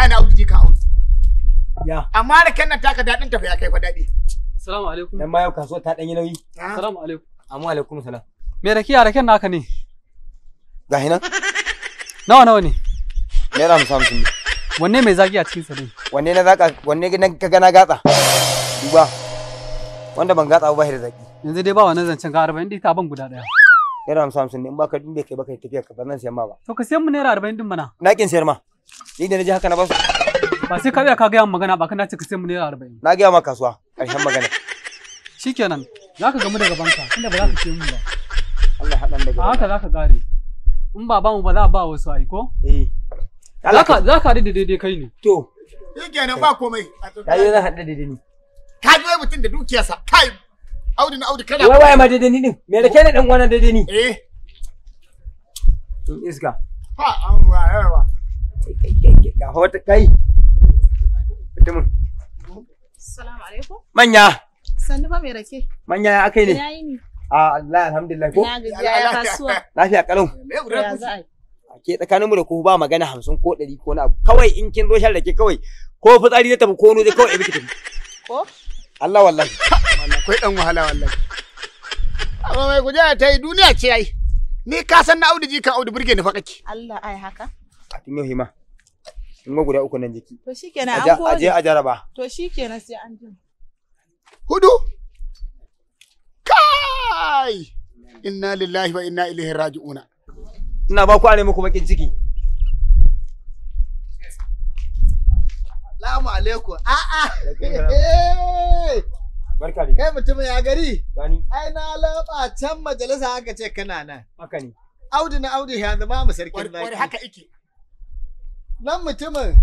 ai na audu ka audu ya amma da kanna taka dadin tafiya kai fa dadi assalamu alaikum dan ma yau kasuwa ta dan yi nauyi assalamu alaikum amma alaikum salam me rakiya raken naka ne gahi nan nawa nawa ne naira hamsin hamsin ne wanne mai zaki a cikin sa ne wanne na zaka wanne na ka na gatsa duba wanda ban gatsa ba shi da zaki yanzu dai ba wannan zancen ka 40 din ta ban guda daya naira hamsin hamsin ne in baka dinde kai baka tafiya ka ba zan siyan ma ba to ka siyan mu naira 40 din mana na kin siyar ma Ni da naji haka na basu. Ba sai ka ka gaya magana ba kana cika sai mu naira arba'in. Na gaya ma kasuwa ƙarshen magana. Shikenan za ka gamu daga banka inda ba za ka ce mu ba. Allah haɗan daga. A haka za ka gare. In ba ba mu ba za a ba wasu ai ko? Eh. Za ka da daidai kai ne. To. Shikenan ba komai. Ka yi zan haɗa daidai ne. Ka ji mutum da dukiyarsa kai. Audi na audi kana. Wai wai ma daidai ni din. Me da kai ne dan uwana daidai ni? Eh. Iska. Ha an ruwa yawa. ga wata kai mutumin assalamu alaikum manya sannu fa mai rake manya ya akai ne a Allah alhamdulillah ko ya kasuwa lafiya kalau ya za a ke tsakanin mu da ku ba magana hamsin ko ɗari ko na abu kawai in kin zo shan rake kawai ko fitsari zai tafi ko wani zai kawai ibi tafi ko Allah wallahi akwai dan wahala wallahi amma mai guja ta yi duniya ce ai ni ka san na Audu ji kan audi burge ni fa kake Allah ai haka a tun yau hima in ma guda uku nan jiki to shikenan an gode aje a jaraba to shikenan sai an jin hudu kai inna lillahi wa inna ilaihi raji'un. ina ba ku ne muku bakin ciki Assalamu alaikum. A'a. Ah, ah. Barka ne. Kai mutumin ya gari? Gani. Ai na laba can majalisa aka ce kana nan. Haka ne. Audi na audi ya zama mu sarkin Wani Haka ike. nan mutumin eh.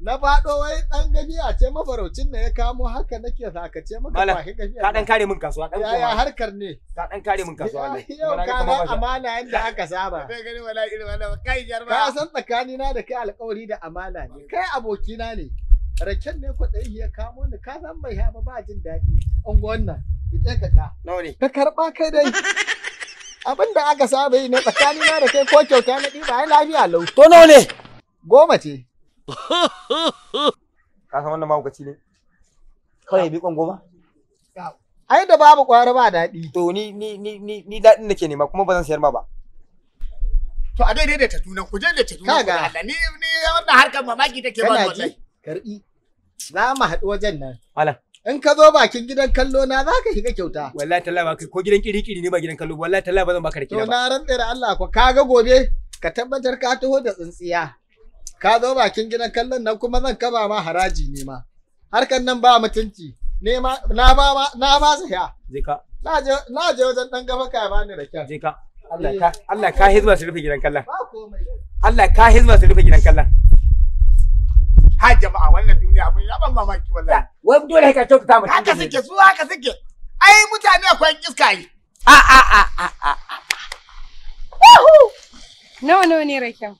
na faɗo wai ɗan gani a ce mafaraucin da ya kamo haka nake zakace maka ba ka gani ka dan kare mun kasuwa dan kuma yaya harkar ne ka dan kare mun kasuwa ne yau ka ga amana yanda aka saba kai gani wala irin wala kai jarma ka san tsakani na da kai alƙawari da amana ne kai abokina ne raken ne dai ya kamo ni ka san bai haba ba jin daɗi unguwan nan ita ka ka nawa ne ka karɓa kai dai abin da aka saba yi ne tsakanina da kai ko kyauta na ɗiba ai lafiya lau to nawa ne Goma ce. Ka san wannan mahaukaci ne? Kawai bi kwan goma? Ai da babu kwari ba daɗi. To ni ni ni ni ni daɗin da ke nema kuma ba zan sayar ma ba. To a daidai da ta tunan ku je da ta tunan ku Allah ni ni wannan harkar mamaki take ba wallahi. Karbi. Za mu haɗu wajen nan. Malam. in ka zo bakin gidan kallo na za ka shiga kyauta. Wallahi tallahi ba ko gidan kiri kiri ne ba gidan kallo wallahi tallahi ba zan baka da kira ba. To na ran da Allah ko ka ga gobe ka tabbatar ka taho da tsintsiya. ka zo bakin gidan kallon nan kuma zan kaba ma haraji ne ma harkan nan ba mutunci ne ma na ba na ba su ya je ka na je na je wajen dan gaba ka ba ni da kyan je ka Allah ka Allah ka hizma su rufe gidan kallon Allah ka hizma su rufe gidan kallon ha jama'a wannan duniya abun ya ban mamaki wallahi wai dole ka ta mutunci haka suke su haka suke ai mutane akwai iska yi a a a a a Nawa nawa ne rakiya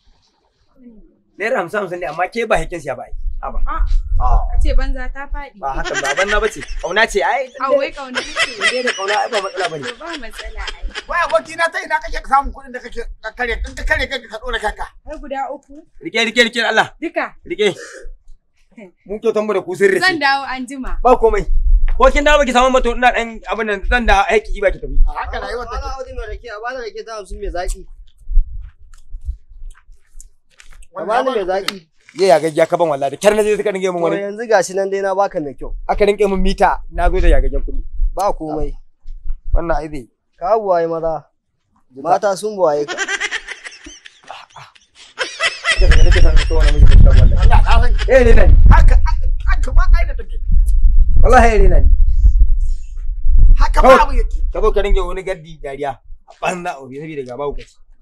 naira hamsin hamsin ne amma ke ba hakin siya ba ai a ba ah. a ce banza ta faɗi ba haka ba banza ba ce kauna ce ai a wai kauna ce ne da kauna ba matsala bane ba matsala ai wai aboki na ta ina kake samun kuɗin da kake ka kare in ka kare kanka ka tsora kanka har guda uku rike rike rike Allah duka rike mun kyautan mu da ku sirri zan dawo an jima ba komai ko kin dawo baki samu mato ina dan abin nan zan da aiki ba ki tafi haka rayuwar a ba da rake ta 50 mai zaki Tamanin mai zaƙi. Ye ya gaggiya ka ban wallahi da kyar na zai suka ringe min wani. To yanzu gashi nan dai na baka mai kyau. Aka ringe mun mita na zo da yagaggen kudi Ba komai. Wannan ai zai. Ka buwaye maza. Mata sun buwaye ka. Allah ya rina ni. haka ma ba eh, abu yake. Ka zo ka ringe wani gaddi dariya. Banza obi saboda gaba ku.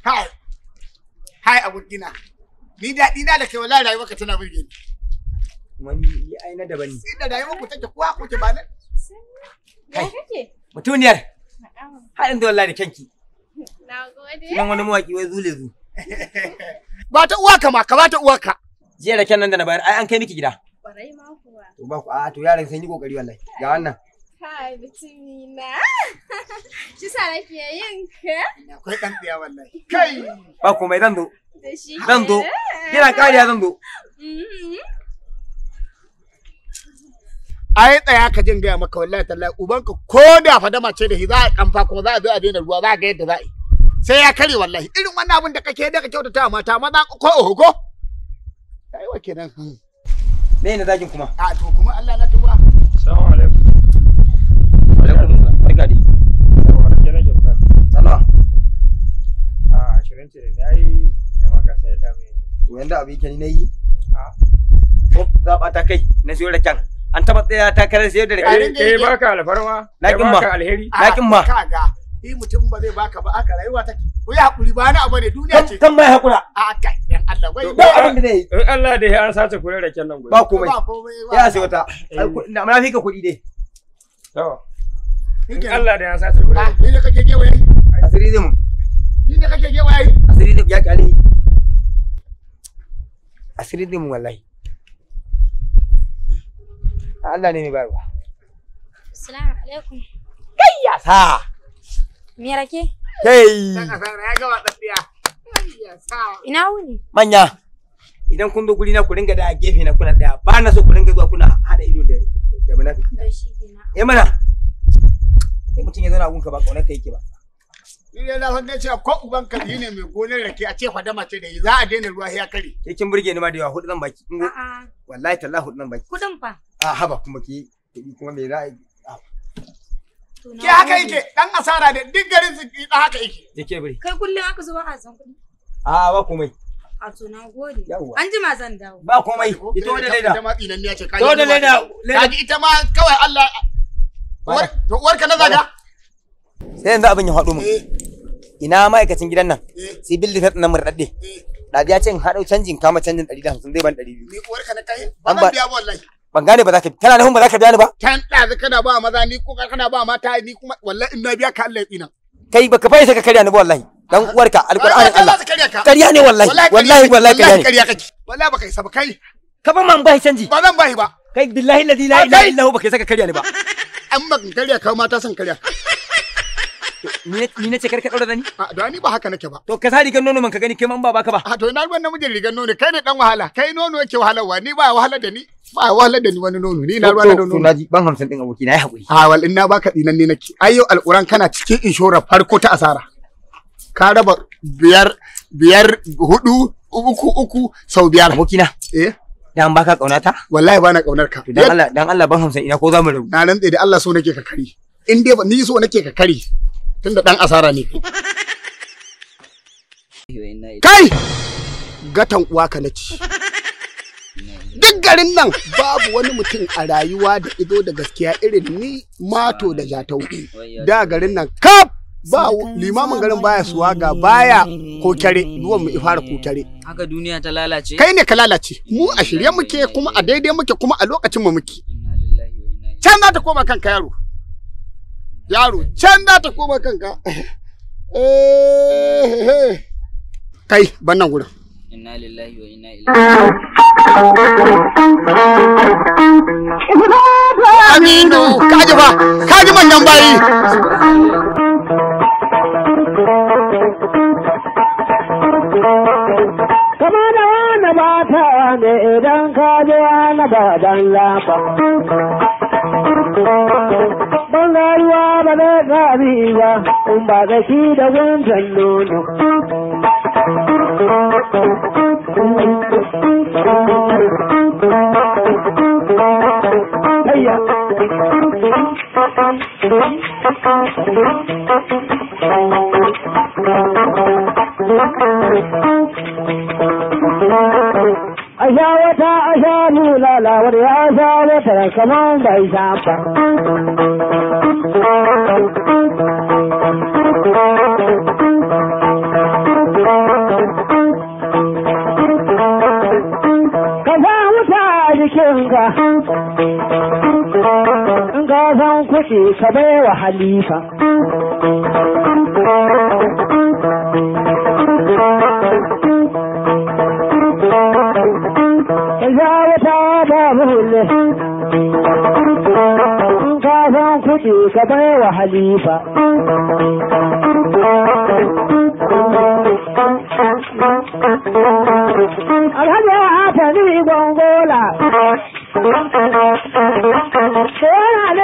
Hai. Hai abokina. Ni daɗi na da kai wallahi rayuwarka tana burge ni. Wani ai na daban ne. Sai da rayuwar ku take kuwa ku ke ba nan. Kai. Mutuniyar. Haɗin da wallahi da kyanki. gode. Kuma wani mawaki wai zule zu. Ba ta uwa ka ma, ka ba ta uwa ka. Jiya da kyan nan da na bayar, ai an kai miki gida. Barai ma kuwa. To ba ku, a to yaran sai yi kokari wallahi. Ga wannan. kai mutumina. Shi sa nake yin ka? Akwai ɗan ɗaya wallahi. Kai! Ba komai zan zo. Da shi Zan zo. Yana kariya zan zo. Mm-hmm. Ai tsaya ka jin gaya maka wallahi tallahi ubanka ko da fadama ce da hi, za a kamfa kuma za a zo a daina ruwa za a ga yadda za a yi. Sai ya kare wallahi irin wannan abin da kake da ka kyautata mata maza ko oho ko. Ai wa kenan. Me ne zagin kuma? A to kuma Allah na wanda abu yake ah. ko ta kai na siyo da can an taba tsaya takarar siyo da rake eh, eh baka alfarma ba eh, ma alheri lakin ah, ma mutum ba zai baka ba aka rayuwa take ko ya hakuri ah, ba na duniya ce kan mai hakura a kai yan Allah gwai ba abin da zai in eh, Allah da ya an sace kure nan ba komai ya na kuɗi dai to Allah da ya sace kure ni ne kake gewaye asiri zai mu ni ne kake gewaye asiri zai ya asiri zai wallahi ah, Allah ne mai bayarwa assalamu alaikum kai ya sa me rake kai ya gaba sa ina wuni manya idan kun zo guri na ku ringa da gefe na kuna daya ba na so ku ringa zuwa kuna hada ido da da munafiki eh mana sai mutun ya zauna gunka ba kaunar kai ke ba Ni dai na san dai cewa ko uban kari ne mai gonar rake a ce fadama ce da yi za a daina ruwa ya kare. Ke kin burge ni ma da yawa hudu nan baki. A'a. Wallahi tallahi hudu nan baki. Kudin fa. A haba kuma ki kuma me za a Ke haka yake dan asara da duk garin su da haka yake. ke. bari. Kai kullum haka zuwa a san kuɗi. A ba komai. A to na gode. An jima zan dawo. Ba komai. Ita wanda leda. Ita ma tsinan ne ce ka. Ita wanda leda. Kaji ita ma kawai Allah. Uwarka na zaga. Sai yanzu abin ya faɗo mu. Eh. ina ma'aikacin gidan nan da eh. defense nan murɗaɗɗe ɗabi eh. ya ce in haɗo canjin kama canjin ɗari da hamsin zai ban ɗari biyu. ni na kai ba ban biya wallahi. ban gane ba za ka kana nufin ba za ka biya ni ba. can ɗazu kana ba maza ni ko kana ba mata ni kuma wallahi in na biya ka Allah ya tsina. kai ba ka fahimta ka karya ni ba wallahi dan ka alƙur'anin Allah karya ne wallahi wallahi wallahi karya ne. wallahi baka isa ba kai. ka ba man bai canji. ba zan bai ba. kai billahi la ilaha illahu ba baka isa ka karya ni ba. an ba karya ka mata san karya. Ni na ce kar dora ɗaura zani? A da ni ba haka nake ba. To ka sa rigan nono man ka gani kai man ba baka ba. A to ina ruwan namijin rigan nono kai ne dan wahala kai nono yake wahalarwa ni ba wahala da ni ba wahala da ni wani nono ni ina ruwan nono. To naji ban hamsin din aboki na yi haƙuri. A wal ina baka dinan ne nake. ayyo alquran kana cikin inshorar farko ta asara. Ka raba biyar biyar hudu uku uku sau biyar. Abokina. Eh. dan baka kaunata wallahi bana kaunar ka dan Allah dan Allah ban hamsin ina ko zamu rabu na rantse da Allah so nake ka kari in dai ni so nake ka kari tunda dan asara ne kai gatan uwa ka na ci duk garin nan babu wani mutum a rayuwa da ido da gaskiya irin ni mato da jatau da garin nan kaf ba limamin garin baya suwaga baya kokare duwan mu ifara kokare haka duniya ta lalace kai ne ka lalace mu a shirye muke kuma a daidai muke kuma a lokacin mu muke can za ta koma kanka yaro yaro can da ta koma kanka eh, eh, eh. kai ban nan gurin inna lillahi wa inna ilaihi aminu kaji ba kaji manyan bayi kama da wani mata ne idan kaji wani badan lafa ba zai sami ba in ba ga shi da wancan nono. Asha wata asha nuna lawar ya sha wata kamar bai shafa. jikinka in ka san kuɗi ka bai wa halifa Kaza wata babu hulle matse ka ba wa halifa alhaji ya hata ni gongola